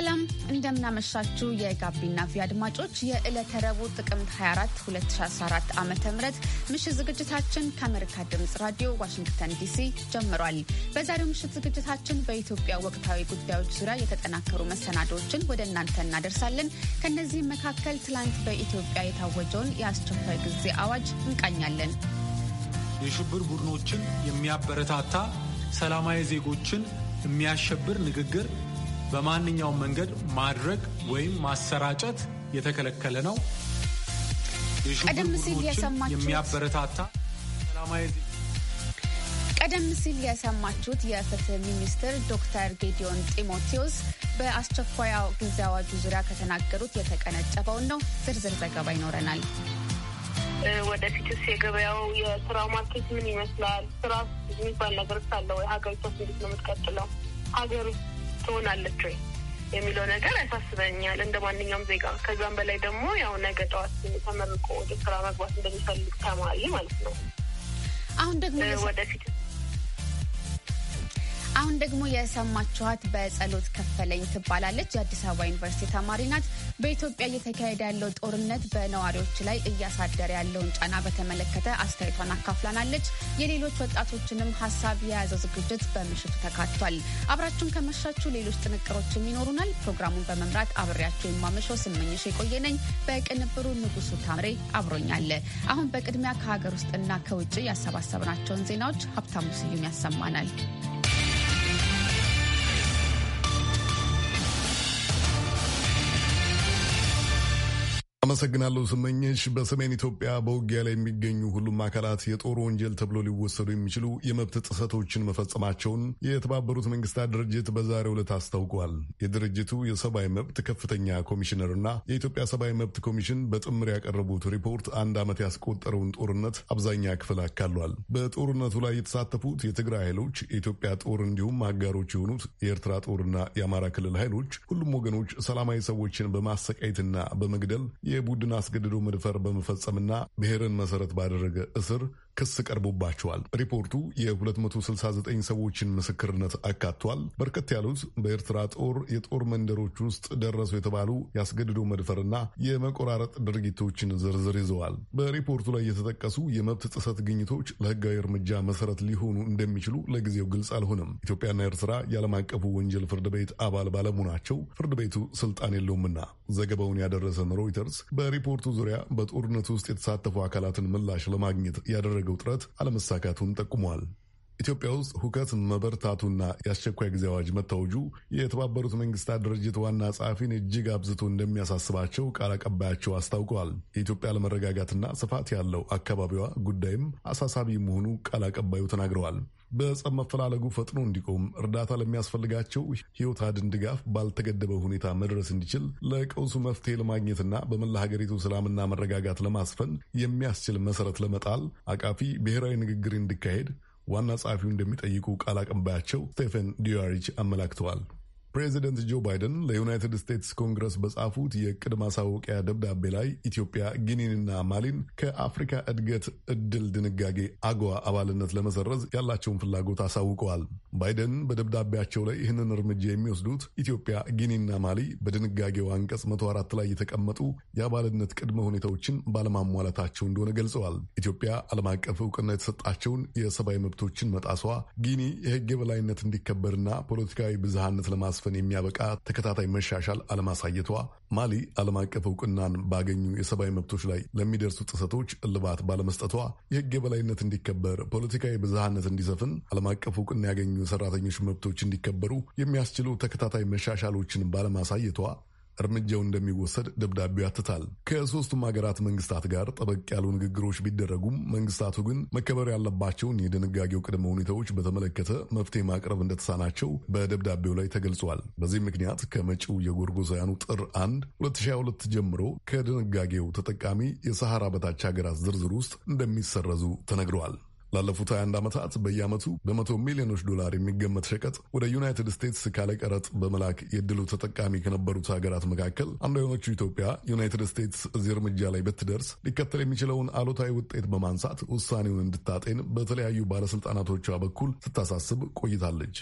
ሰላም እንደምናመሻችሁ የጋቢና ቪ አድማጮች የዕለተ ረቡዕ ጥቅምት 24 2014 ዓ ም ምሽት ዝግጅታችን ከአሜሪካ ድምፅ ራዲዮ ዋሽንግተን ዲሲ ጀምሯል። በዛሬው ምሽት ዝግጅታችን በኢትዮጵያ ወቅታዊ ጉዳዮች ዙሪያ የተጠናከሩ መሰናዶዎችን ወደ እናንተ እናደርሳለን። ከእነዚህም መካከል ትላንት በኢትዮጵያ የታወጀውን የአስቸኳይ ጊዜ አዋጅ እንቃኛለን። የሽብር ቡድኖችን የሚያበረታታ ሰላማዊ ዜጎችን የሚያሸብር ንግግር በማንኛውም መንገድ ማድረግ ወይም ማሰራጨት የተከለከለ ነው። ቀደም ሲል የሚያበረታታ ቀደም ሲል የሰማችሁት የፍትህ ሚኒስትር ዶክተር ጌዲዮን ጢሞቴዎስ በአስቸኳይ ጊዜ አዋጁ ዙሪያ ከተናገሩት የተቀነጨበውን ነው። ዝርዝር ዘገባ ይኖረናል። ወደፊትስ የገበያው የስራ ማርኬት ምን ይመስላል? ስራ የሚባል ነገር ሳለ ወይ ሀገሪቷስ እንዴት ነው የምትቀጥለው? ሀገር ውስጥ ትሆናለች ወይ የሚለው ነገር ያሳስበኛል እንደ ማንኛውም ዜጋ። ከዛም በላይ ደግሞ ያው ነገ ጠዋት ተመርቆ ወደ ስራ መግባት እንደሚፈልግ ተማሪ ማለት ነው። አሁን ደግሞ ወደፊት አሁን ደግሞ የሰማችኋት በጸሎት ከፈለኝ ትባላለች። የአዲስ አበባ ዩኒቨርሲቲ ተማሪ ናት። በኢትዮጵያ እየተካሄደ ያለው ጦርነት በነዋሪዎች ላይ እያሳደረ ያለውን ጫና በተመለከተ አስተያየቷን አካፍላናለች። የሌሎች ወጣቶችንም ሀሳብ የያዘው ዝግጅት በምሽቱ ተካቷል። አብራችሁን ከመሻችሁ ሌሎች ጥንቅሮችም ይኖሩናል። ፕሮግራሙን በመምራት አብሬያቸው የማመሸው ስመኝሽ የቆየነኝ፣ በቅንብሩ ንጉሱ ታምሬ አብሮኛለ። አሁን በቅድሚያ ከሀገር ውስጥና ከውጭ ያሰባሰብናቸውን ዜናዎች ሀብታሙ ስዩም ያሰማናል። አመሰግናለሁ ስመኘሽ። በሰሜን ኢትዮጵያ በውጊያ ላይ የሚገኙ ሁሉም አካላት የጦር ወንጀል ተብሎ ሊወሰዱ የሚችሉ የመብት ጥሰቶችን መፈጸማቸውን የተባበሩት መንግስታት ድርጅት በዛሬው ዕለት አስታውቋል። የድርጅቱ የሰብአዊ መብት ከፍተኛ ኮሚሽነር የኢትዮጵያ ሰብአዊ መብት ኮሚሽን በጥምር ያቀረቡት ሪፖርት አንድ ዓመት ያስቆጠረውን ጦርነት አብዛኛ ክፍል አካሏል። በጦርነቱ ላይ የተሳተፉት የትግራይ ኃይሎች፣ የኢትዮጵያ ጦር እንዲሁም አጋሮች የሆኑት የኤርትራ ጦርና የአማራ ክልል ኃይሎች ሁሉም ወገኖች ሰላማዊ ሰዎችን በማሰቃየትና በመግደል የቡድን አስገድዶ መድፈር በመፈጸምና ብሔርን መሰረት ባደረገ እስር ክስ ቀርቦባቸዋል። ሪፖርቱ የ269 ሰዎችን ምስክርነት አካቷል። በርከት ያሉት በኤርትራ ጦር የጦር መንደሮች ውስጥ ደረሱ የተባሉ ያስገድዶ መድፈርና የመቆራረጥ ድርጊቶችን ዝርዝር ይዘዋል። በሪፖርቱ ላይ የተጠቀሱ የመብት ጥሰት ግኝቶች ለህጋዊ እርምጃ መሰረት ሊሆኑ እንደሚችሉ ለጊዜው ግልጽ አልሆነም። ኢትዮጵያና ኤርትራ የዓለም አቀፉ ወንጀል ፍርድ ቤት አባል ባለመሆናቸው ፍርድ ቤቱ ስልጣን የለውምና። ዘገባውን ያደረሰን ሮይተርስ በሪፖርቱ ዙሪያ በጦርነት ውስጥ የተሳተፉ አካላትን ምላሽ ለማግኘት ያደረገው የተደረገው ጥረት አለመሳካቱን ጠቁሟል። ኢትዮጵያ ውስጥ ሁከት መበርታቱና የአስቸኳይ ጊዜ አዋጅ መታወጁ የተባበሩት መንግስታት ድርጅት ዋና ጸሐፊን እጅግ አብዝቶ እንደሚያሳስባቸው ቃል አቀባያቸው አስታውቀዋል። የኢትዮጵያ አለመረጋጋትና ስፋት ያለው አካባቢዋ ጉዳይም አሳሳቢ መሆኑ ቃል አቀባዩ ተናግረዋል። በጸብ መፈላለጉ ፈጥኖ እንዲቆም እርዳታ ለሚያስፈልጋቸው ህይወት አድን ድጋፍ ባልተገደበ ሁኔታ መድረስ እንዲችል ለቀውሱ መፍትሄ ለማግኘትና በመላ ሀገሪቱ ሰላምና መረጋጋት ለማስፈን የሚያስችል መሰረት ለመጣል አቃፊ ብሔራዊ ንግግር እንዲካሄድ ዋና ጸሐፊው እንደሚጠይቁ ቃል አቀባያቸው ስቴፈን ዲያሪች አመላክተዋል። ፕሬዚደንት ጆ ባይደን ለዩናይትድ ስቴትስ ኮንግረስ በጻፉት የቅድ ማሳወቂያ ደብዳቤ ላይ ኢትዮጵያ ጊኒንና ማሊን ከአፍሪካ እድገት እድል ድንጋጌ አጓ አባልነት ለመሰረዝ ያላቸውን ፍላጎት አሳውቀዋል። ባይደን በደብዳቤያቸው ላይ ይህንን እርምጃ የሚወስዱት ኢትዮጵያ፣ ጊኒና ማሊ በድንጋጌው አንቀጽ 104 ላይ የተቀመጡ የአባልነት ቅድመ ሁኔታዎችን ባለማሟላታቸው እንደሆነ ገልጸዋል። ኢትዮጵያ ዓለም አቀፍ እውቅና የተሰጣቸውን የሰብአዊ መብቶችን መጣሷ፣ ጊኒ የህግ የበላይነት እንዲከበርና ፖለቲካዊ ብዝሃነት ለማስ ለማስፈን የሚያበቃ ተከታታይ መሻሻል አለማሳየቷ ማሊ ዓለም አቀፍ እውቅናን ባገኙ የሰብአዊ መብቶች ላይ ለሚደርሱ ጥሰቶች እልባት ባለመስጠቷ የህግ የበላይነት እንዲከበር፣ ፖለቲካዊ ብዝሃነት እንዲሰፍን፣ ዓለም አቀፍ እውቅና ያገኙ ሰራተኞች መብቶች እንዲከበሩ የሚያስችሉ ተከታታይ መሻሻሎችን ባለማሳየቷ እርምጃው እንደሚወሰድ ደብዳቤው ያትታል። ከሶስቱም ሀገራት መንግስታት ጋር ጠበቅ ያሉ ንግግሮች ቢደረጉም መንግስታቱ ግን መከበር ያለባቸውን የድንጋጌው ቅድመ ሁኔታዎች በተመለከተ መፍትሄ ማቅረብ እንደተሳናቸው በደብዳቤው ላይ ተገልጿል። በዚህ ምክንያት ከመጪው የጎርጎሳውያኑ ጥር 1 2022 ጀምሮ ከድንጋጌው ተጠቃሚ የሰሐራ በታች ሀገራት ዝርዝር ውስጥ እንደሚሰረዙ ተነግረዋል። ላለፉት 21 ዓመታት በየዓመቱ በመቶ ሚሊዮኖች ዶላር የሚገመት ሸቀጥ ወደ ዩናይትድ ስቴትስ ካለቀረጥ በመላክ የድሉ ተጠቃሚ ከነበሩት ሀገራት መካከል አንዷ የሆነችው ኢትዮጵያ ዩናይትድ ስቴትስ እዚህ እርምጃ ላይ ብትደርስ ሊከተል የሚችለውን አሉታዊ ውጤት በማንሳት ውሳኔውን እንድታጤን በተለያዩ ባለስልጣናቶቿ በኩል ስታሳስብ ቆይታለች።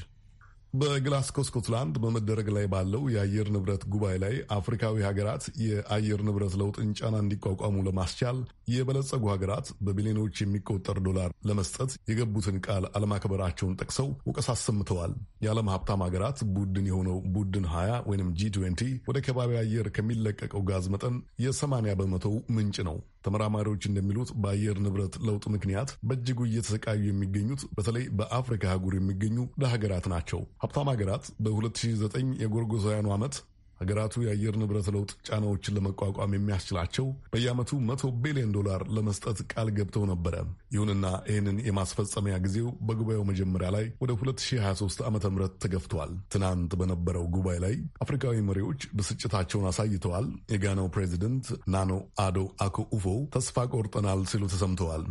በግላስኮ ስኮትላንድ በመደረግ ላይ ባለው የአየር ንብረት ጉባኤ ላይ አፍሪካዊ ሀገራት የአየር ንብረት ለውጥን ጫና እንዲቋቋሙ ለማስቻል የበለጸጉ ሀገራት በቢሊዮኖች የሚቆጠር ዶላር ለመስጠት የገቡትን ቃል አለማክበራቸውን ጠቅሰው ወቀሳ አሰምተዋል። የዓለም ሀብታም ሀገራት ቡድን የሆነው ቡድን 20 ወይም ጂ20 ወደ ከባቢ አየር ከሚለቀቀው ጋዝ መጠን የ የ80 በመቶው ምንጭ ነው። ተመራማሪዎች እንደሚሉት በአየር ንብረት ለውጥ ምክንያት በእጅጉ እየተሰቃዩ የሚገኙት በተለይ በአፍሪካ አህጉር የሚገኙ ለሀገራት ናቸው። ሀብታም ሀገራት በ2009 የጎርጎሳውያኑ ዓመት ሀገራቱ የአየር ንብረት ለውጥ ጫናዎችን ለመቋቋም የሚያስችላቸው በየዓመቱ መቶ ቢሊዮን ዶላር ለመስጠት ቃል ገብተው ነበረ። ይሁንና ይህንን የማስፈጸሚያ ጊዜው በጉባኤው መጀመሪያ ላይ ወደ 2023 ዓ ም ተገፍቷል። ትናንት በነበረው ጉባኤ ላይ አፍሪካዊ መሪዎች ብስጭታቸውን አሳይተዋል። የጋናው ፕሬዚደንት ናኖ አዶ አኮ ኡፎ ተስፋ ቆርጠናል ሲሉ ተሰምተዋል።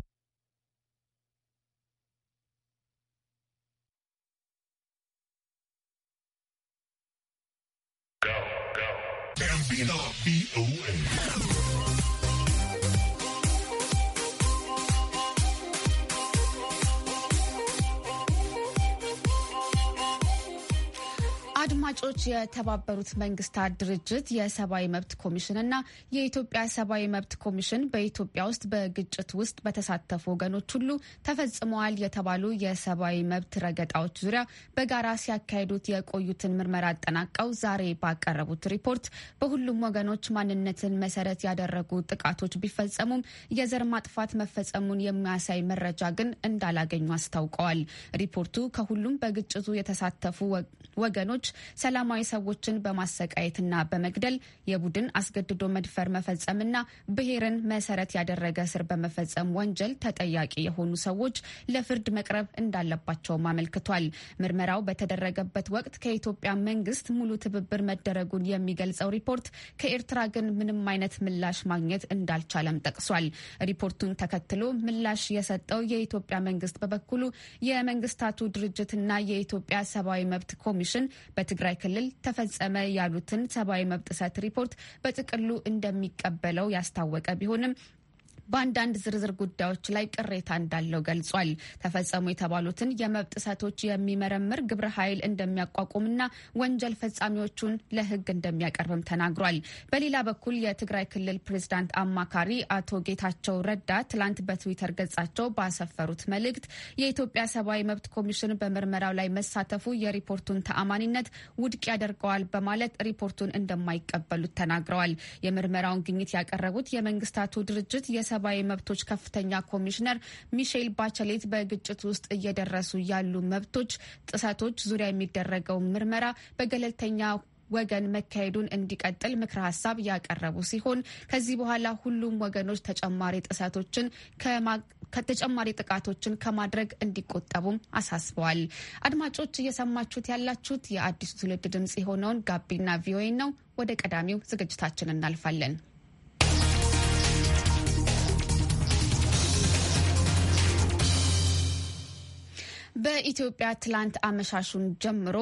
አድማጮች የተባበሩት መንግስታት ድርጅት የሰብአዊ መብት ኮሚሽን እና የኢትዮጵያ ሰብአዊ መብት ኮሚሽን በኢትዮጵያ ውስጥ በግጭት ውስጥ በተሳተፉ ወገኖች ሁሉ ተፈጽመዋል የተባሉ የሰብአዊ መብት ረገጣዎች ዙሪያ በጋራ ሲያካሂዱት የቆዩትን ምርመራ አጠናቀው ዛሬ ባቀረቡት ሪፖርት በሁሉም ወገኖች ማንነትን መሰረት ያደረጉ ጥቃቶች ቢፈጸሙም የዘር ማጥፋት መፈጸሙን የሚያሳይ መረጃ ግን እንዳላገኙ አስታውቀዋል። ሪፖርቱ ከሁሉም በግጭቱ የተሳተፉ ወገኖች ሰላማዊ ሰዎችን በማሰቃየትና በመግደል የቡድን አስገድዶ መድፈር መፈጸምና ብሔርን መሰረት ያደረገ እስር በመፈጸም ወንጀል ተጠያቂ የሆኑ ሰዎች ለፍርድ መቅረብ እንዳለባቸውም አመልክቷል። ምርመራው በተደረገበት ወቅት ከኢትዮጵያ መንግስት ሙሉ ትብብር መደረጉን የሚገልጸው ሪፖርት ከኤርትራ ግን ምንም አይነት ምላሽ ማግኘት እንዳልቻለም ጠቅሷል። ሪፖርቱን ተከትሎ ምላሽ የሰጠው የኢትዮጵያ መንግስት በበኩሉ የመንግስታቱ ድርጅትና የኢትዮጵያ ሰብአዊ መብት ኮሚሽን በትግራይ ክልል ተፈጸመ ያሉትን ሰብአዊ መብት ጥሰት ሪፖርት በጥቅሉ እንደሚቀበለው ያስታወቀ ቢሆንም በአንዳንድ ዝርዝር ጉዳዮች ላይ ቅሬታ እንዳለው ገልጿል። ተፈጸሙ የተባሉትን የመብት ጥሰቶች የሚመረምር ግብረ ኃይል እንደሚያቋቁምና ወንጀል ፈጻሚዎቹን ለሕግ እንደሚያቀርብም ተናግሯል። በሌላ በኩል የትግራይ ክልል ፕሬዝዳንት አማካሪ አቶ ጌታቸው ረዳ ትላንት በትዊተር ገጻቸው ባሰፈሩት መልእክት የኢትዮጵያ ሰብአዊ መብት ኮሚሽን በምርመራው ላይ መሳተፉ የሪፖርቱን ተአማኒነት ውድቅ ያደርገዋል በማለት ሪፖርቱን እንደማይቀበሉት ተናግረዋል። የምርመራውን ግኝት ያቀረቡት የመንግስታቱ ድርጅት የሰብአዊ መብቶች ከፍተኛ ኮሚሽነር ሚሼል ባቸሌት በግጭት ውስጥ እየደረሱ ያሉ መብቶች ጥሰቶች ዙሪያ የሚደረገውን ምርመራ በገለልተኛ ወገን መካሄዱን እንዲቀጥል ምክረ ሀሳብ ያቀረቡ ሲሆን ከዚህ በኋላ ሁሉም ወገኖች ተጨማሪ ጥሰቶችን ከተጨማሪ ጥቃቶችን ከማድረግ እንዲቆጠቡም አሳስበዋል። አድማጮች እየሰማችሁት ያላችሁት የአዲሱ ትውልድ ድምጽ የሆነውን ጋቢና ቪኦኤ ነው። ወደ ቀዳሚው ዝግጅታችን እናልፋለን። በኢትዮጵያ ትላንት አመሻሹን ጀምሮ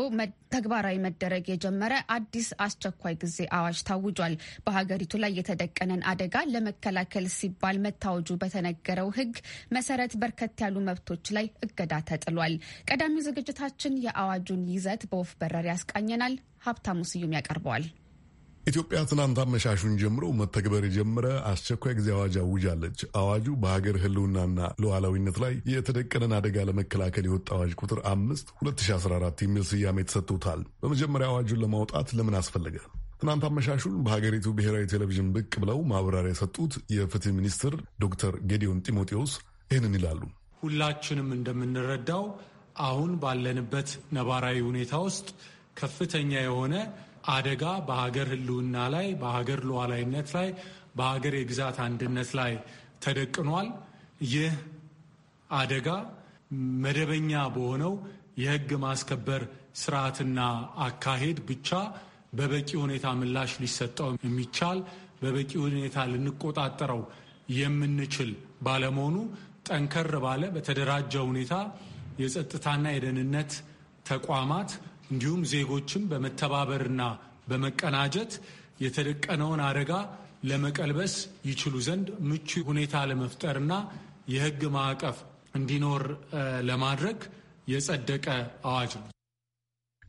ተግባራዊ መደረግ የጀመረ አዲስ አስቸኳይ ጊዜ አዋጅ ታውጇል። በሀገሪቱ ላይ የተደቀነን አደጋ ለመከላከል ሲባል መታወጁ በተነገረው ሕግ መሰረት በርከት ያሉ መብቶች ላይ እገዳ ተጥሏል። ቀዳሚው ዝግጅታችን የአዋጁን ይዘት በወፍ በረር ያስቃኘናል። ሀብታሙ ስዩም ያቀርበዋል። ኢትዮጵያ ትናንት አመሻሹን ጀምሮ መተግበር የጀመረ አስቸኳይ ጊዜ አዋጅ አውጃለች። አዋጁ በሀገር ህልውናና ሉዓላዊነት ላይ የተደቀነን አደጋ ለመከላከል የወጣ አዋጅ ቁጥር አምስት 2014 የሚል ስያሜ ተሰጥቶታል። በመጀመሪያ አዋጁን ለማውጣት ለምን አስፈለገ? ትናንት አመሻሹን በሀገሪቱ ብሔራዊ ቴሌቪዥን ብቅ ብለው ማብራሪያ የሰጡት የፍትህ ሚኒስትር ዶክተር ጌዲዮን ጢሞቴዎስ ይህንን ይላሉ። ሁላችንም እንደምንረዳው አሁን ባለንበት ነባራዊ ሁኔታ ውስጥ ከፍተኛ የሆነ አደጋ በሀገር ህልውና ላይ፣ በሀገር ሉዓላዊነት ላይ፣ በሀገር የግዛት አንድነት ላይ ተደቅኗል። ይህ አደጋ መደበኛ በሆነው የህግ ማስከበር ስርዓትና አካሄድ ብቻ በበቂ ሁኔታ ምላሽ ሊሰጠው የሚቻል በበቂ ሁኔታ ልንቆጣጠረው የምንችል ባለመሆኑ ጠንከር ባለ በተደራጀ ሁኔታ የጸጥታና የደህንነት ተቋማት እንዲሁም ዜጎችም በመተባበርና በመቀናጀት የተደቀነውን አደጋ ለመቀልበስ ይችሉ ዘንድ ምቹ ሁኔታ ለመፍጠርና የሕግ ማዕቀፍ እንዲኖር ለማድረግ የጸደቀ አዋጅ ነው።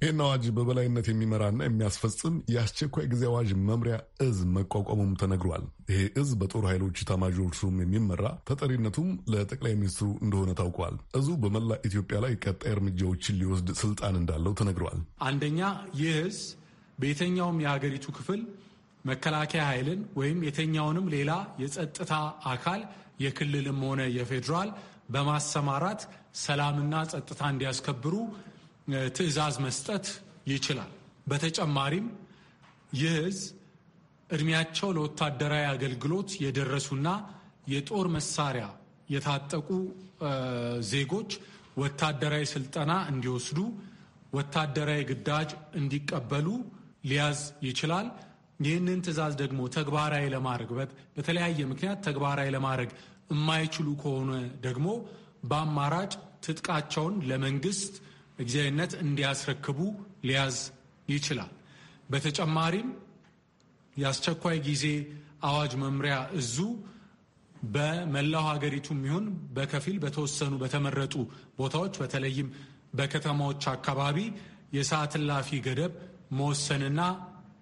ይህን አዋጅ በበላይነት የሚመራና የሚያስፈጽም የአስቸኳይ ጊዜ አዋጅ መምሪያ እዝ መቋቋሙም ተነግሯል። ይሄ እዝ በጦር ኃይሎች ኤታማዦር ሹም የሚመራ ተጠሪነቱም ለጠቅላይ ሚኒስትሩ እንደሆነ ታውቋል። እዙ በመላ ኢትዮጵያ ላይ ቀጣይ እርምጃዎችን ሊወስድ ስልጣን እንዳለው ተነግሯል። አንደኛ ይህ እዝ በየተኛውም የሀገሪቱ ክፍል መከላከያ ኃይልን ወይም የተኛውንም ሌላ የጸጥታ አካል የክልልም ሆነ የፌዴራል በማሰማራት ሰላምና ጸጥታ እንዲያስከብሩ ትዕዛዝ መስጠት ይችላል። በተጨማሪም ይህ እድሜያቸው ለወታደራዊ አገልግሎት የደረሱና የጦር መሳሪያ የታጠቁ ዜጎች ወታደራዊ ስልጠና እንዲወስዱ፣ ወታደራዊ ግዳጅ እንዲቀበሉ ሊያዝ ይችላል። ይህንን ትዕዛዝ ደግሞ ተግባራዊ ለማድረግ በተለያየ ምክንያት ተግባራዊ ለማድረግ የማይችሉ ከሆነ ደግሞ በአማራጭ ትጥቃቸውን ለመንግስት ጊዜያዊነት እንዲያስረክቡ ሊያዝ ይችላል። በተጨማሪም የአስቸኳይ ጊዜ አዋጅ መምሪያ እዙ በመላው ሀገሪቱ ይሁን በከፊል በተወሰኑ በተመረጡ ቦታዎች በተለይም በከተማዎች አካባቢ የሰዓት እላፊ ገደብ መወሰንና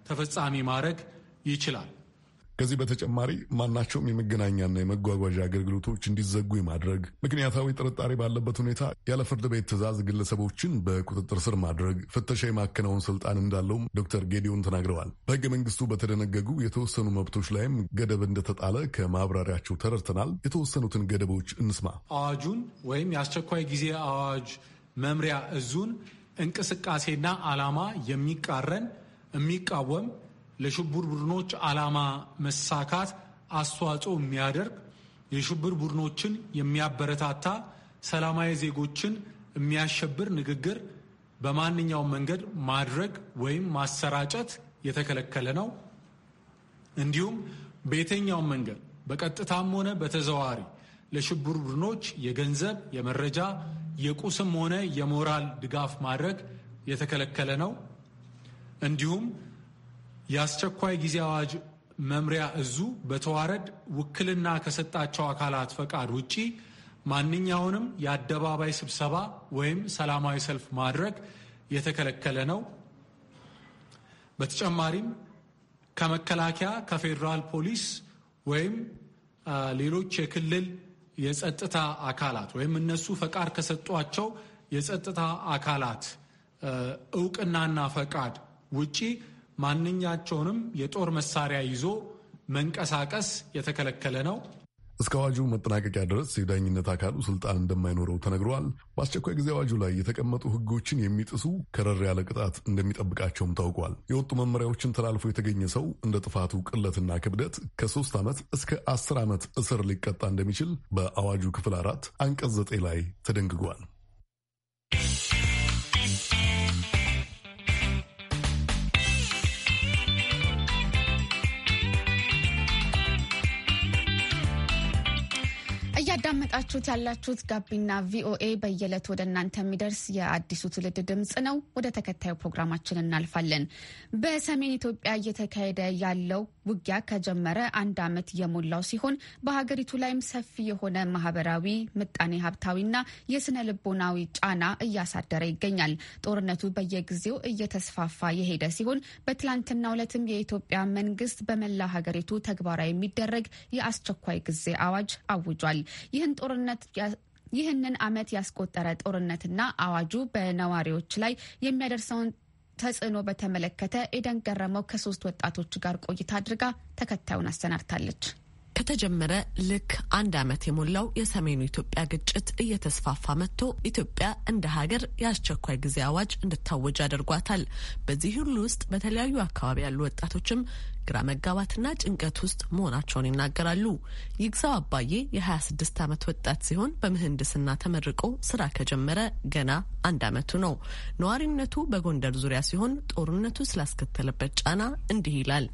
ተፈጻሚ ማድረግ ይችላል። ከዚህ በተጨማሪ ማናቸውም የመገናኛና የመጓጓዣ አገልግሎቶች እንዲዘጉ የማድረግ ምክንያታዊ ጥርጣሬ ባለበት ሁኔታ ያለ ፍርድ ቤት ትዕዛዝ ግለሰቦችን በቁጥጥር ስር ማድረግ፣ ፍተሻ የማከናወን ስልጣን እንዳለውም ዶክተር ጌዲዮን ተናግረዋል። በህገ መንግስቱ በተደነገጉ የተወሰኑ መብቶች ላይም ገደብ እንደተጣለ ከማብራሪያቸው ተረድተናል። የተወሰኑትን ገደቦች እንስማ። አዋጁን ወይም የአስቸኳይ ጊዜ አዋጅ መምሪያ እዙን እንቅስቃሴና ዓላማ የሚቃረን የሚቃወም ለሽብር ቡድኖች ዓላማ መሳካት አስተዋጽኦ የሚያደርግ የሽብር ቡድኖችን የሚያበረታታ ሰላማዊ ዜጎችን የሚያሸብር ንግግር በማንኛውም መንገድ ማድረግ ወይም ማሰራጨት የተከለከለ ነው። እንዲሁም በየትኛውም መንገድ በቀጥታም ሆነ በተዘዋዋሪ ለሽብር ቡድኖች የገንዘብ፣ የመረጃ፣ የቁስም ሆነ የሞራል ድጋፍ ማድረግ የተከለከለ ነው። እንዲሁም የአስቸኳይ ጊዜ አዋጅ መምሪያ እዙ በተዋረድ ውክልና ከሰጣቸው አካላት ፈቃድ ውጪ ማንኛውንም የአደባባይ ስብሰባ ወይም ሰላማዊ ሰልፍ ማድረግ የተከለከለ ነው። በተጨማሪም ከመከላከያ፣ ከፌዴራል ፖሊስ ወይም ሌሎች የክልል የጸጥታ አካላት ወይም እነሱ ፈቃድ ከሰጧቸው የጸጥታ አካላት እውቅናና ፈቃድ ውጪ ማንኛቸውንም የጦር መሳሪያ ይዞ መንቀሳቀስ የተከለከለ ነው። እስከ አዋጁ መጠናቀቂያ ድረስ የዳኝነት አካሉ ስልጣን እንደማይኖረው ተነግረዋል። በአስቸኳይ ጊዜ አዋጁ ላይ የተቀመጡ ሕጎችን የሚጥሱ ከረር ያለ ቅጣት እንደሚጠብቃቸውም ታውቋል። የወጡ መመሪያዎችን ተላልፎ የተገኘ ሰው እንደ ጥፋቱ ቅለትና ክብደት ከሶስት ዓመት እስከ አስር ዓመት እስር ሊቀጣ እንደሚችል በአዋጁ ክፍል አራት አንቀጽ ዘጠኝ ላይ ተደንግጓል። እያዳመጣችሁት ያላችሁት ጋቢና ቪኦኤ በየዕለት ወደ እናንተ የሚደርስ የአዲሱ ትውልድ ድምፅ ነው። ወደ ተከታዩ ፕሮግራማችን እናልፋለን። በሰሜን ኢትዮጵያ እየተካሄደ ያለው ውጊያ ከጀመረ አንድ ዓመት የሞላው ሲሆን በሀገሪቱ ላይም ሰፊ የሆነ ማህበራዊ፣ ምጣኔ ሀብታዊና የስነ ልቦናዊ ጫና እያሳደረ ይገኛል። ጦርነቱ በየጊዜው እየተስፋፋ የሄደ ሲሆን በትላንትናው ዕለትም የኢትዮጵያ መንግስት በመላ ሀገሪቱ ተግባራዊ የሚደረግ የአስቸኳይ ጊዜ አዋጅ አውጇል። ይህን ጦርነት ጦርነት ይህንን ዓመት ያስቆጠረ ጦርነትና አዋጁ በነዋሪዎች ላይ የሚያደርሰውን ተጽዕኖ በተመለከተ ኤደን ገረመው ከሶስት ወጣቶች ጋር ቆይታ አድርጋ ተከታዩን አሰናድታለች። ከተጀመረ ልክ አንድ ዓመት የሞላው የሰሜኑ ኢትዮጵያ ግጭት እየተስፋፋ መጥቶ ኢትዮጵያ እንደ ሀገር የአስቸኳይ ጊዜ አዋጅ እንድታወጅ አድርጓታል። በዚህ ሁሉ ውስጥ በተለያዩ አካባቢ ያሉ ወጣቶችም ግራ መጋባትና ጭንቀት ውስጥ መሆናቸውን ይናገራሉ። ይግዛው አባዬ የ26 ዓመት ወጣት ሲሆን በምህንድስና ተመርቆ ስራ ከጀመረ ገና አንድ ዓመቱ ነው። ነዋሪነቱ በጎንደር ዙሪያ ሲሆን ጦርነቱ ስላስከተለበት ጫና እንዲህ ይላል።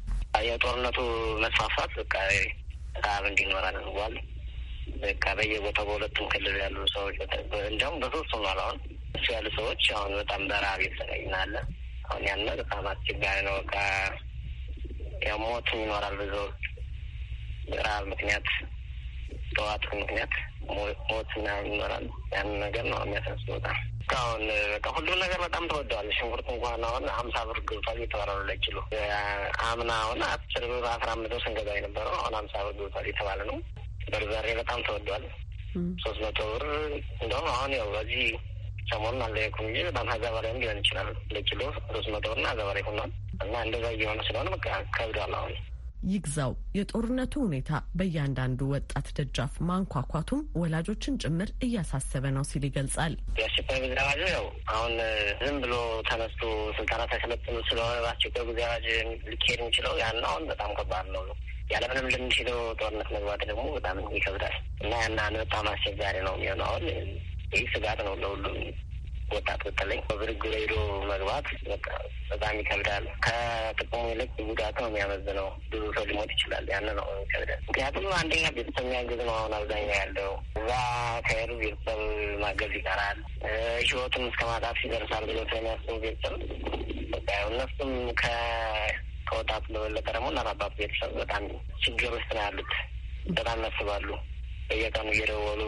የጦርነቱ መስፋፋት ረሀብ እንዲኖር አድርጓል። በቃ በየቦታው በሁለቱም ክልል ያሉ ሰዎች እንዲሁም በሶስቱም አሁን እሱ ያሉ ሰዎች አሁን በጣም በረሀብ የተሰቃይናለ። አሁን ያነ በጣም አስቸጋሪ ነው። በቃ ያው ሞት ይኖራል ብዙ ረሀብ ምክንያት በዋጡ ምክንያት ሞት ምናምን ይኖራል። ያን ነገር ነው የሚያሳስ በጣም እስካሁን በቃ ሁሉም ነገር በጣም ተወደዋል። ሽንኩርት እንኳን አሁን ሀምሳ ብር ገብቷል የተባለው ለኪሎ። አምና አሁን አስር ብር አስራ አምስት ብር ስንገዛ የነበረው አሁን ሀምሳ ብር ገብቷል የተባለ ነው። በርበሬ በጣም ተወደዋል። ሶስት መቶ ብር እንደውም አሁን ያው በዚህ ሰሞኑን አለ እንጂ በጣም ከዛ ሊሆን ይችላል። ለኪሎ ሶስት መቶ ብርና ከዛ በላይ ሆኗል እና እንደዛ እየሆነ ስለሆነ በቃ ከብዷል አሁን ይግዛው የጦርነቱ ሁኔታ በእያንዳንዱ ወጣት ደጃፍ ማንኳኳቱም ወላጆችን ጭምር እያሳሰበ ነው ሲል ይገልጻል። የአስቸኳይ ጊዜ አዋጁ ያው አሁን ዝም ብሎ ተነስቶ ስልጠና ሳይሰለጥኑ ስለሆነ በአስቸኳይ ጊዜ አዋጅ ሊካሄድ የሚችለው ያን አሁን በጣም ከባድ ነው ነው ያለምንም ልምድ ሄዶ ጦርነት መግባት ደግሞ በጣም ይከብዳል እና ያና በጣም አስቸጋሪ ነው የሚሆነው አሁን ይህ ስጋት ነው ለሁሉም ወጣት በተለይ በብርግር ሄዶ መግባት በጣም ይከብዳል። ከጥቅሙ ይልቅ ጉዳት ነው የሚያመዝነው። ብዙ ሰው ሊሞት ይችላል። ያን ነው ይከብዳል። ምክንያቱም አንደኛ ቤተሰብ የሚያግዝ ነው አሁን አብዛኛው ያለው እዛ ከሄዱ ቤተሰብ ማገዝ ይቀራል። ህይወቱን እስከ ማጣት ይደርሳል ብሎ ስለሚያስቡ ቤተሰብ በቃ እነሱም ከ ከወጣቱ በበለጠ ደግሞ ለራባት ቤተሰብ በጣም ችግር ውስጥ ነው ያሉት። በጣም ያስባሉ። በየቀኑ እየደወሉ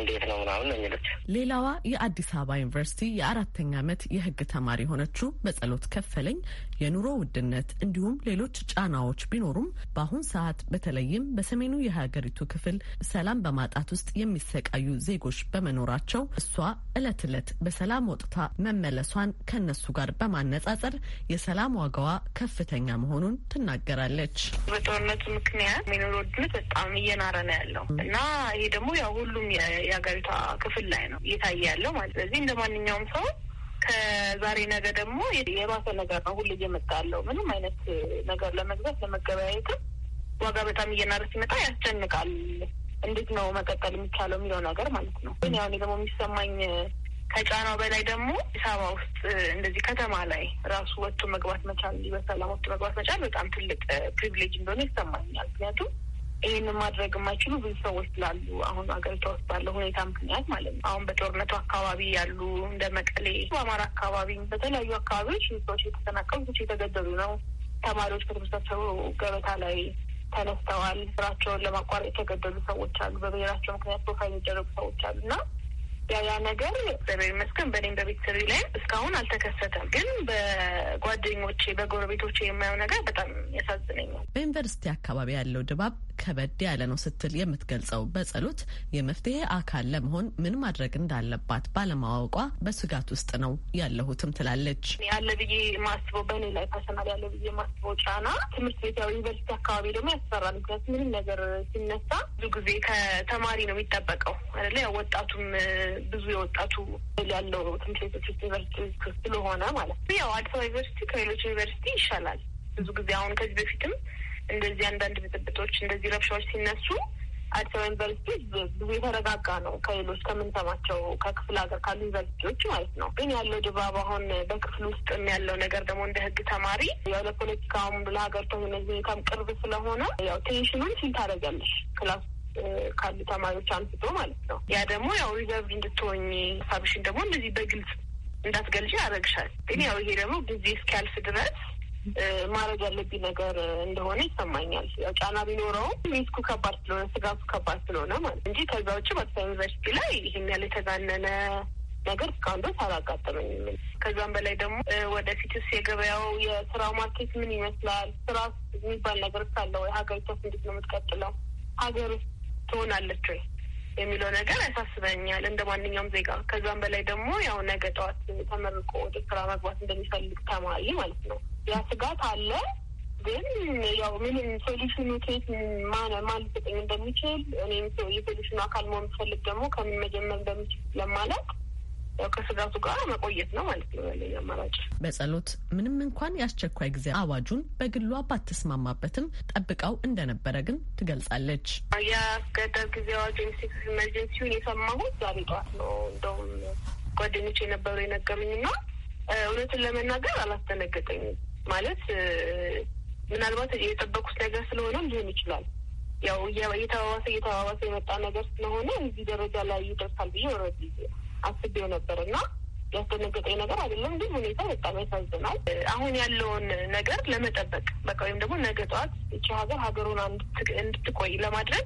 እንዴት ነው ምናምን ነው የሚሉት። ሌላዋ የአዲስ አበባ ዩኒቨርሲቲ የአራተኛ ዓመት የህግ ተማሪ የሆነችው በጸሎት ከፈለኝ የኑሮ ውድነት እንዲሁም ሌሎች ጫናዎች ቢኖሩም በአሁን ሰዓት በተለይም በሰሜኑ የሀገሪቱ ክፍል ሰላም በማጣት ውስጥ የሚሰቃዩ ዜጎች በመኖራቸው እሷ እለት እለት በሰላም ወጥታ መመለሷን ከነሱ ጋር በማነጻጸር የሰላም ዋጋዋ ከፍተኛ መሆኑን ትናገራለች። በጦርነቱ ምክንያት የኑሮ ውድነት በጣም እየናረ ነው ያለው እና ይሄ ደግሞ ያው ሁሉም የሀገሪቷ ክፍል ላይ ነው እየታየ ያለው ማለት ስለዚህ እንደ ማንኛውም ሰው ከዛሬ ነገ ደግሞ የባሰ ነገር ነው ሁሉ እየመጣ ያለው። ምንም አይነት ነገር ለመግዛት ለመገበያየትም ዋጋ በጣም እየናረ ሲመጣ ያስጨንቃል። እንዴት ነው መቀጠል የሚቻለው የሚለው ነገር ማለት ነው። ግን ያው እኔ ደግሞ የሚሰማኝ ከጫናው በላይ ደግሞ አዲስ አበባ ውስጥ እንደዚህ ከተማ ላይ ራሱ ወጥቶ መግባት መቻል፣ በሰላም ወጥቶ መግባት መቻል በጣም ትልቅ ፕሪቪሌጅ እንደሆነ ይሰማኛል። ምክንያቱም ይህንን ማድረግ የማይችሉ ብዙ ሰዎች ስላሉ አሁን ሀገሪቷ ውስጥ ባለው ሁኔታ ምክንያት ማለት ነው። አሁን በጦርነቱ አካባቢ ያሉ እንደ መቀሌ፣ በአማራ አካባቢ፣ በተለያዩ አካባቢዎች ሰዎች የተፈናቀሉ ብዙ የተገደሉ ነው። ተማሪዎች ከተመሳሰሩ ገበታ ላይ ተነስተዋል። ስራቸውን ለማቋረጥ የተገደሉ ሰዎች አሉ። በብሔራቸው ምክንያት ፕሮፋይል የሚደረጉ ሰዎች አሉ እና ያ ያ ነገር እግዚአብሔር ይመስገን በእኔም በቤተሰቤ ላይም እስካሁን አልተከሰተም። ግን በጓደኞቼ በጎረቤቶቼ የማየው ነገር በጣም ያሳዝነኛል። በዩኒቨርሲቲ አካባቢ ያለው ድባብ ከበድ ያለ ነው ስትል የምትገልጸው በጸሎት የመፍትሄ አካል ለመሆን ምን ማድረግ እንዳለባት ባለማወቋ በስጋት ውስጥ ነው ያለሁትም ትላለች። ያለ ብዬ ማስበው በእኔ ላይ ፐርሰናል ያለ ብዬ ማስበው ጫና ትምህርት ቤት ያው ዩኒቨርሲቲ አካባቢ ደግሞ ያስፈራል። ምክንያቱም ምንም ነገር ሲነሳ ብዙ ጊዜ ከተማሪ ነው የሚጠበቀው አይደለ ያው ወጣቱም ብዙ የወጣቱ ያለው ትምህርት ዩኒቨርሲቲ ስለሆነ ማለት ነው። ያው አዲስ አበባ ዩኒቨርሲቲ ከሌሎች ዩኒቨርሲቲ ይሻላል። ብዙ ጊዜ አሁን ከዚህ በፊትም እንደዚህ አንዳንድ ብጥብጦች፣ እንደዚህ ረብሻዎች ሲነሱ አዲስ አበባ ዩኒቨርሲቲ ብዙ የተረጋጋ ነው ከሌሎች ከምንሰማቸው ከክፍል ሀገር ካሉ ዩኒቨርሲቲዎች ማለት ነው። ግን ያለው ድባብ አሁን በክፍል ውስጥም ያለው ነገር ደግሞ እንደ ህግ ተማሪ ያው ለፖለቲካውም ለሀገር ከም ቅርብ ስለሆነ ያው ቴንሽኑን ሲል ታደርጊያለሽ ክላስ ካሉ ተማሪዎች አንስቶ ማለት ነው። ያ ደግሞ ያው ሪዘርቭ እንድትሆኝ ሀሳብሽን ደግሞ እንደዚህ በግልጽ እንዳትገልጂ ያደረግሻል። ግን ያው ይሄ ደግሞ ጊዜ እስኪያልፍ ድረስ ማድረግ ያለብኝ ነገር እንደሆነ ይሰማኛል። ያው ጫና ቢኖረውም ሚስኩ ከባድ ስለሆነ ስጋቱ ከባድ ስለሆነ ማለት እንጂ ከዛ ውጭ በአዲስ ዩኒቨርሲቲ ላይ ይህን ያህል የተጋነነ ነገር እስካሁን ድረስ አላጋጠመኝም። ከዛም በላይ ደግሞ ወደፊትስ የገበያው የስራው ማርኬት ምን ይመስላል፣ ስራ የሚባል ነገር ካለ ወይ ሀገሪቷስ እንዴት ነው የምትቀጥለው፣ ሀገር ውስጥ ትሆናለች ወይ የሚለው ነገር ያሳስበኛል እንደ ማንኛውም ዜጋ። ከዛም በላይ ደግሞ ያው ነገ ጠዋት ተመርቆ ወደ ስራ መግባት እንደሚፈልግ ተማሪ ማለት ነው ያ ስጋት አለ። ግን ያው ምንም ሶሉሽኑ ኬት ማን ማን ሊሰጠኝ እንደሚችል እኔም የሶሉሽኑ አካል መሆን ፈልግ ደግሞ ከምን መጀመር እንደሚችል ለማለት ከስጋቱ ጋር መቆየት ነው ማለት ነው ያለኝ አማራጭ። በጸሎት ምንም እንኳን የአስቸኳይ ጊዜ አዋጁን በግሏ ባትስማማበትም ጠብቀው እንደነበረ ግን ትገልጻለች። የአስገዳጅ ጊዜ አዋጁ ኢመርጀንሲውን የሰማሁት ዛሬ ጠዋት ነው። እንደውም ጓደኞች የነበሩ የነገሩኝና እውነቱን ለመናገር አላስተነገጠኝም ማለት ምናልባት የጠበቁት ነገር ስለሆነ ሊሆን ይችላል። ያው እየተባባሰ እየተባባሰ የመጣ ነገር ስለሆነ እዚህ ደረጃ ላይ ይደርሳል ብዬ ወረድ አስቤው ነበር እና ያስደነገጠኝ ነገር አይደለም፣ ግን ሁኔታ በጣም ያሳዝናል። አሁን ያለውን ነገር ለመጠበቅ በቃ ወይም ደግሞ ነገ ጠዋት እቺ ሀገር ሀገሩን እንድትቆይ ለማድረግ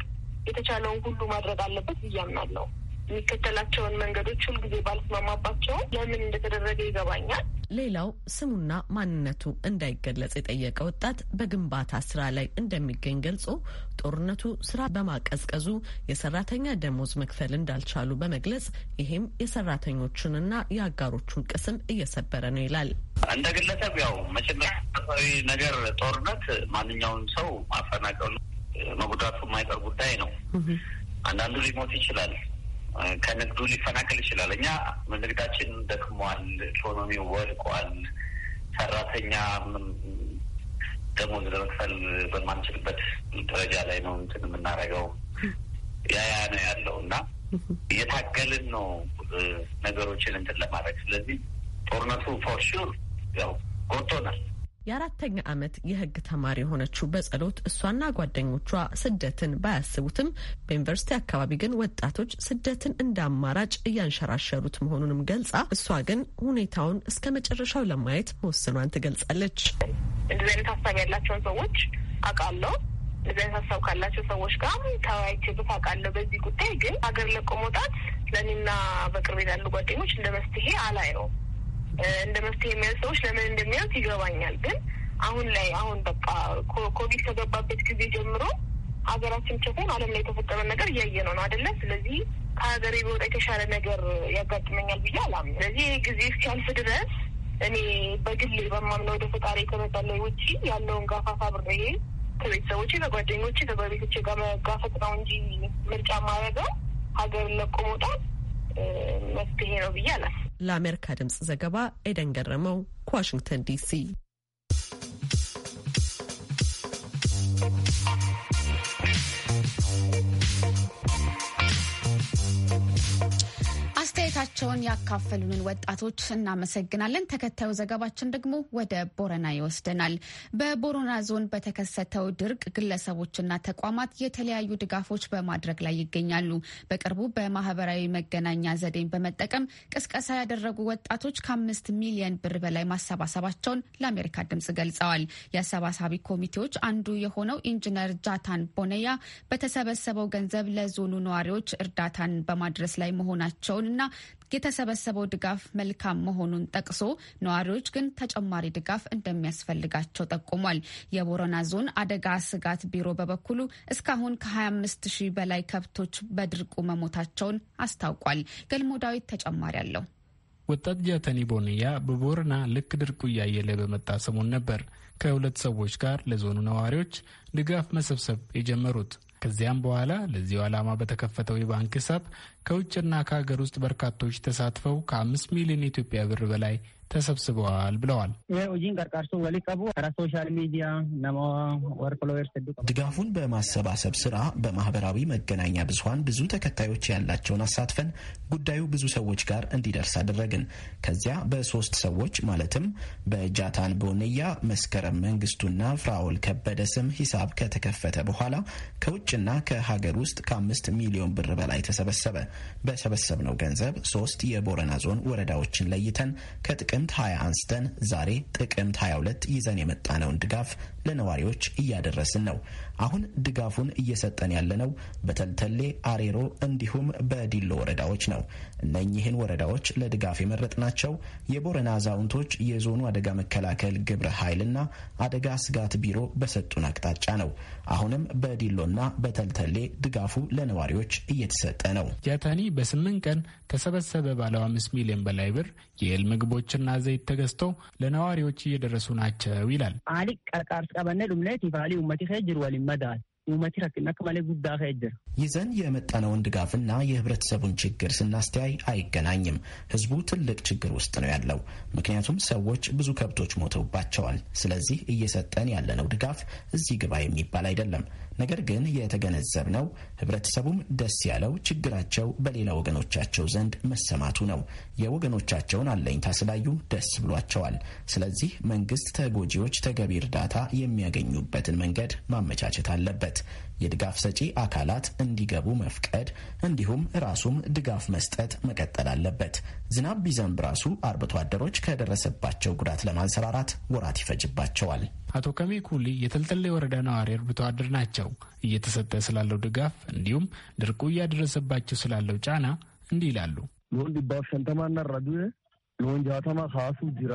የተቻለውን ሁሉ ማድረግ አለበት ብዬ አምናለሁ። የሚከተላቸውን መንገዶች ሁልጊዜ ባልስማማባቸው ለምን እንደተደረገ ይገባኛል። ሌላው ስሙና ማንነቱ እንዳይገለጽ የጠየቀ ወጣት በግንባታ ስራ ላይ እንደሚገኝ ገልጾ ጦርነቱ ስራ በማቀዝቀዙ የሰራተኛ ደሞዝ መክፈል እንዳልቻሉ በመግለጽ ይሄም የሰራተኞቹንና የአጋሮቹን ቅስም እየሰበረ ነው ይላል። እንደ ግለሰብ ያው መጨረሻዊ ነገር ጦርነት ማንኛውም ሰው ማፈናቀሉ መጉዳቱ የማይቀር ጉዳይ ነው። አንዳንዱ ሊሞት ይችላል። ከንግዱ ሊፈናቀል ይችላል። እኛ ንግዳችን ደክሟል፣ ኢኮኖሚው ወድቋል፣ ሰራተኛ ደሞዝ ለመክፈል በማንችልበት ደረጃ ላይ ነው እንትን የምናደርገው። ያያ ነው ያለው እና እየታገልን ነው ነገሮችን እንትን ለማድረግ። ስለዚህ ጦርነቱ ፎርሹር ያው ጎቶናል የአራተኛ ዓመት የሕግ ተማሪ የሆነችው በጸሎት እሷና ጓደኞቿ ስደትን ባያስቡትም በዩኒቨርሲቲ አካባቢ ግን ወጣቶች ስደትን እንደ አማራጭ እያንሸራሸሩት መሆኑንም ገልጻ እሷ ግን ሁኔታውን እስከ መጨረሻው ለማየት መወሰኗን ትገልጻለች። እንደዚህ አይነት ሀሳብ ያላቸውን ሰዎች አውቃለሁ። እንደዚህ አይነት ሀሳብ ካላቸው ሰዎች ጋር ተወያይቼበት አውቃለሁ። በዚህ ጉዳይ ግን ሀገር ለቆ መውጣት ለእኔና በቅርቤ ላሉ ጓደኞች እንደ መፍትሄ አላየውም። እንደ መፍትሄ የሚያዩት ሰዎች ለምን እንደሚያዩት ይገባኛል። ግን አሁን ላይ አሁን በቃ ኮቪድ ከገባበት ጊዜ ጀምሮ ሀገራችን ቸኮን ዓለም ላይ የተፈጠረ ነገር እያየ ነው ነው አደለ? ስለዚህ ከሀገሬ በወጣ የተሻለ ነገር ያጋጥመኛል ብዬ አላምንም። ስለዚህ ይህ ጊዜ እስኪያልፍ ድረስ እኔ በግሌ በማምነው ወደ ፈጣሪ ከመጣለይ ውጪ ያለውን ጋፋፋ ብሬ ከቤተሰቦቼ ከጓደኞቼ ከጎረቤቶቼ ጋር መጋፈጥ ነው እንጂ ምርጫ ማድረገው ሀገርን ለቆ መውጣት መፍትሄ ነው ብዬ አላስብም። ለአሜሪካ ድምፅ ዘገባ ኤደን ገረመው ከዋሽንግተን ዲሲ። ልምዳቸውን ያካፈሉንን ወጣቶች እናመሰግናለን። ተከታዩ ዘገባችን ደግሞ ወደ ቦረና ይወስደናል። በቦረና ዞን በተከሰተው ድርቅ ግለሰቦችና ተቋማት የተለያዩ ድጋፎች በማድረግ ላይ ይገኛሉ። በቅርቡ በማህበራዊ መገናኛ ዘዴን በመጠቀም ቅስቀሳ ያደረጉ ወጣቶች ከአምስት ሚሊየን ብር በላይ ማሰባሰባቸውን ለአሜሪካ ድምጽ ገልጸዋል። የአሰባሳቢ ኮሚቴዎች አንዱ የሆነው ኢንጂነር ጃታን ቦነያ በተሰበሰበው ገንዘብ ለዞኑ ነዋሪዎች እርዳታን በማድረስ ላይ መሆናቸውን እና የተሰበሰበው ድጋፍ መልካም መሆኑን ጠቅሶ ነዋሪዎች ግን ተጨማሪ ድጋፍ እንደሚያስፈልጋቸው ጠቁሟል። የቦረና ዞን አደጋ ስጋት ቢሮ በበኩሉ እስካሁን ከ25 ሺህ በላይ ከብቶች በድርቁ መሞታቸውን አስታውቋል። ገልሞ ዳዊት ተጨማሪ አለው። ወጣት ጃተኒ ቦንያ በቦረና ልክ ድርቁ እያየለ በመጣ ሰሞን ነበር ከሁለት ሰዎች ጋር ለዞኑ ነዋሪዎች ድጋፍ መሰብሰብ የጀመሩት። ከዚያም በኋላ ለዚሁ ዓላማ በተከፈተው የባንክ ሂሳብ ከውጭና ከሀገር ውስጥ በርካቶች ተሳትፈው ከአምስት ሚሊዮን የኢትዮጵያ ብር በላይ ተሰብስበዋል ብለዋል። ድጋፉን በማሰባሰብ ስራ በማህበራዊ መገናኛ ብዙሀን ብዙ ተከታዮች ያላቸውን አሳትፈን ጉዳዩ ብዙ ሰዎች ጋር እንዲደርስ አደረግን። ከዚያ በሶስት ሰዎች ማለትም በጃታን ቦንያ፣ መስከረም መንግስቱና ፍራውል ከበደ ስም ሂሳብ ከተከፈተ በኋላ ከውጭና ከሀገር ውስጥ ከአምስት ሚሊዮን ብር በላይ ተሰበሰበ። በሰበሰብነው ገንዘብ ሶስት የቦረና ዞን ወረዳዎችን ለይተን ከጥቅ ጥቅምት 20 አንስተን ዛሬ ጥቅምት 22 ይዘን የመጣነውን ድጋፍ ለነዋሪዎች እያደረስን ነው። አሁን ድጋፉን እየሰጠን ያለነው በተልተሌ አሬሮ፣ እንዲሁም በዲሎ ወረዳዎች ነው። እነኚህን ወረዳዎች ለድጋፍ የመረጥናቸው የቦረና አዛውንቶች የዞኑ አደጋ መከላከል ግብረ ኃይልና አደጋ ስጋት ቢሮ በሰጡን አቅጣጫ ነው። አሁንም በዲሎና በተልተሌ ድጋፉ ለነዋሪዎች እየተሰጠ ነው። ጃታኒ በስምንት ቀን ተሰበሰበ ባለው አምስት ሚሊዮን በላይ ብር የእህል ምግቦችና ዘይት ተገዝቶ ለነዋሪዎች እየደረሱ ናቸው ይላል። murder uumachi rakkina akka ጉዳ guddaa ይዘን የመጣነውን ድጋፍና የህብረተሰቡን ችግር ስናስተያይ አይገናኝም። ህዝቡ ትልቅ ችግር ውስጥ ነው ያለው፣ ምክንያቱም ሰዎች ብዙ ከብቶች ሞተውባቸዋል። ስለዚህ እየሰጠን ያለነው ድጋፍ እዚህ ግባ የሚባል አይደለም። ነገር ግን የተገነዘብ ነው ህብረተሰቡም ደስ ያለው ችግራቸው በሌላ ወገኖቻቸው ዘንድ መሰማቱ ነው። የወገኖቻቸውን አለኝታ ስላዩ ደስ ብሏቸዋል። ስለዚህ መንግስት ተጎጂዎች ተገቢ እርዳታ የሚያገኙበትን መንገድ ማመቻቸት አለበት። በማመቻቸት የድጋፍ ሰጪ አካላት እንዲገቡ መፍቀድ እንዲሁም ራሱም ድጋፍ መስጠት መቀጠል አለበት። ዝናብ ቢዘንብ ራሱ አርብቶ አደሮች ከደረሰባቸው ጉዳት ለማንሰራራት ወራት ይፈጅባቸዋል። አቶ ከሜ ኩሊ የተልጠለ የወረዳ ነዋሪ አርብቶ አደር ናቸው። እየተሰጠ ስላለው ድጋፍ እንዲሁም ድርቁ እያደረሰባቸው ስላለው ጫና እንዲህ ይላሉ። ሎን ሸንተማና ራዱ ሎን ጃተማ ካሱ ጅራ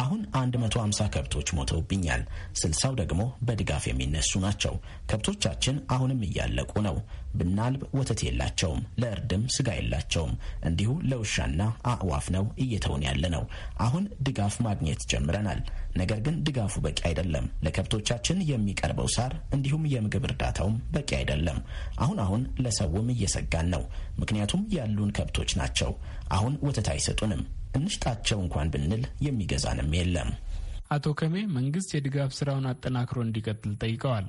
አሁን 150 ከብቶች ሞተውብኛል። ስልሳው ደግሞ በድጋፍ የሚነሱ ናቸው። ከብቶቻችን አሁንም እያለቁ ነው። ብናልብ ወተት የላቸውም፣ ለእርድም ስጋ የላቸውም። እንዲሁ ለውሻና አዕዋፍ ነው እየተውን ያለ ነው። አሁን ድጋፍ ማግኘት ጀምረናል። ነገር ግን ድጋፉ በቂ አይደለም። ለከብቶቻችን የሚቀርበው ሳር እንዲሁም የምግብ እርዳታውም በቂ አይደለም። አሁን አሁን ለሰውም እየሰጋን ነው። ምክንያቱም ያሉን ከብቶች ናቸው። አሁን ወተት አይሰጡንም። እንስጣቸው እንኳን ብንል የሚገዛንም የለም። አቶ ከሜ መንግስት የድጋፍ ስራውን አጠናክሮ እንዲቀጥል ጠይቀዋል።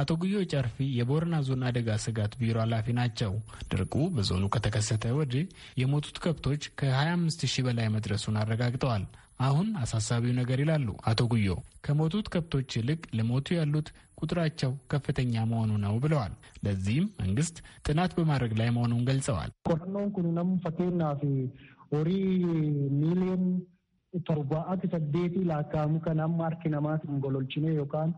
አቶ ጉዮ ጨርፊ የቦረና ዞን አደጋ ስጋት ቢሮ ኃላፊ ናቸው። ድርቁ በዞኑ ከተከሰተ ወዲህ የሞቱት ከብቶች ከ25 ሺህ በላይ መድረሱን አረጋግጠዋል። አሁን አሳሳቢው ነገር ይላሉ አቶ ጉዮ ከሞቱት ከብቶች ይልቅ ለሞቱ ያሉት ቁጥራቸው ከፍተኛ መሆኑ ነው ብለዋል። ለዚህም መንግስት ጥናት በማድረግ ላይ መሆኑን ገልጸዋል። horii miiliyoon torba'ati saddeetii lakkaa'amu kan amma harki namaatiin gololchine yookaan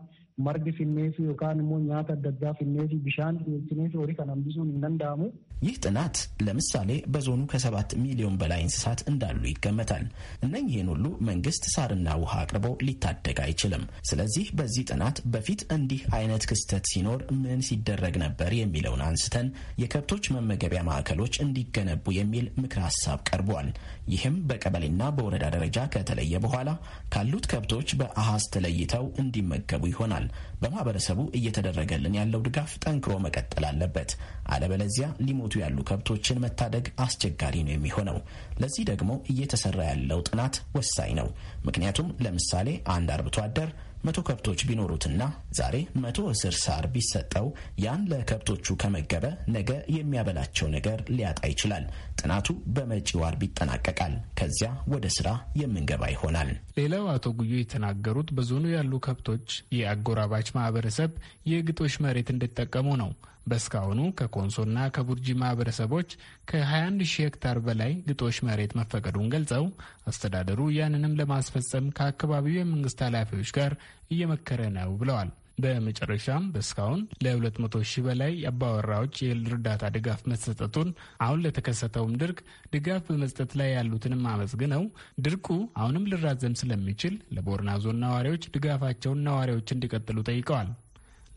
margi finneefi yookaan immoo nyaata adda addaa finneefi bishaan dhiyeessineefi horii kan hambisuun hin danda'amu ይህ ጥናት ለምሳሌ በዞኑ ከሰባት ሚሊዮን በላይ እንስሳት እንዳሉ ይገመታል። እነኚህን ሁሉ መንግስት ሳርና ውሃ አቅርቦ ሊታደግ አይችልም። ስለዚህ በዚህ ጥናት በፊት እንዲህ አይነት ክስተት ሲኖር ምን ሲደረግ ነበር የሚለውን አንስተን የከብቶች መመገቢያ ማዕከሎች እንዲገነቡ የሚል ምክር ሀሳብ ቀርቧል። ይህም በቀበሌና በወረዳ ደረጃ ከተለየ በኋላ ካሉት ከብቶች በአሃዝ ተለይተው እንዲመገቡ ይሆናል። አድርገናል። በማህበረሰቡ እየተደረገልን ያለው ድጋፍ ጠንክሮ መቀጠል አለበት። አለበለዚያ ሊሞቱ ያሉ ከብቶችን መታደግ አስቸጋሪ ነው የሚሆነው። ለዚህ ደግሞ እየተሰራ ያለው ጥናት ወሳኝ ነው። ምክንያቱም ለምሳሌ አንድ አርብቶ አደር መቶ ከብቶች ቢኖሩትና ዛሬ መቶ እስር ሳር ቢሰጠው ያን ለከብቶቹ ከመገበ ነገ የሚያበላቸው ነገር ሊያጣ ይችላል። ጥናቱ በመጪው አርብ ይጠናቀቃል። ከዚያ ወደ ስራ የምንገባ ይሆናል። ሌላው አቶ ጉዩ የተናገሩት በዞኑ ያሉ ከብቶች የአጎራባች ማህበረሰብ የግጦሽ መሬት እንዲጠቀሙ ነው። በስካሁኑ ከኮንሶና ከቡርጂ ማህበረሰቦች ከ21 ሺህ ሄክታር በላይ ግጦሽ መሬት መፈቀዱን ገልጸው አስተዳደሩ ያንንም ለማስፈጸም ከአካባቢው የመንግስት ኃላፊዎች ጋር እየመከረ ነው ብለዋል። በመጨረሻም እስካሁን ለ200 ሺህ በላይ አባወራዎች የእህል እርዳታ ድጋፍ መሰጠቱን፣ አሁን ለተከሰተውም ድርቅ ድጋፍ በመስጠት ላይ ያሉትንም አመስግነው ድርቁ አሁንም ሊራዘም ስለሚችል ለቦርና ዞን ነዋሪዎች ድጋፋቸውን ነዋሪዎች እንዲቀጥሉ ጠይቀዋል።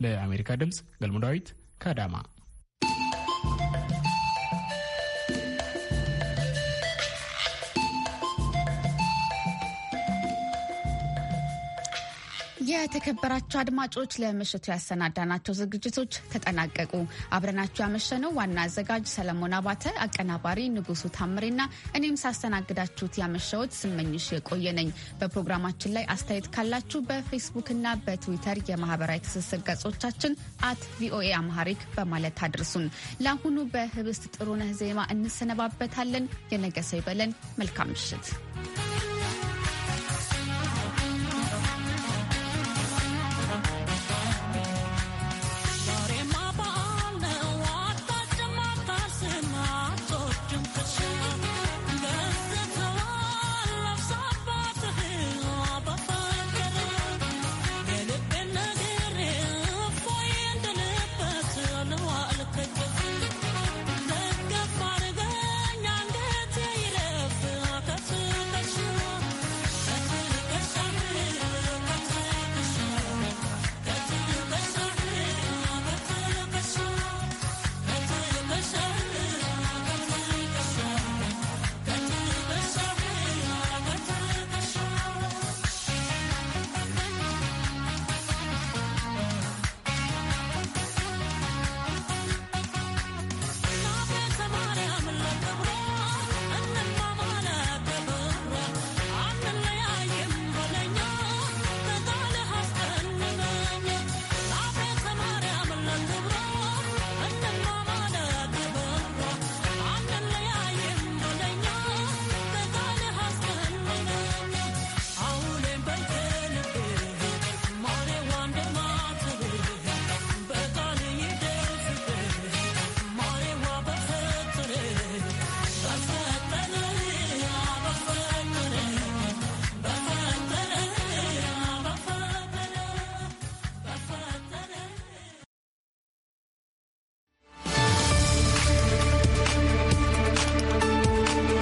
ለአሜሪካ ድምፅ ገልሙዳዊት ከዳማ ከአዳማ የተከበራቸው አድማጮች ለምሽቱ ያሰናዳናቸው ዝግጅቶች ተጠናቀቁ። አብረናችሁ ያመሸነው ዋና አዘጋጅ ሰለሞን አባተ፣ አቀናባሪ ንጉሱ ታምሬና እኔም ሳስተናግዳችሁት ያመሸሁት ስመኝሽ የቆየ ነኝ። በፕሮግራማችን ላይ አስተያየት ካላችሁ በፌስቡክና በትዊተር የማህበራዊ ትስስር ገጾቻችን አት ቪኦኤ አምሃሪክ በማለት አድርሱን። ለአሁኑ በህብስት ጥሩነህ ዜማ እንሰነባበታለን። የነገ ሰው ይበለን። መልካም ምሽት።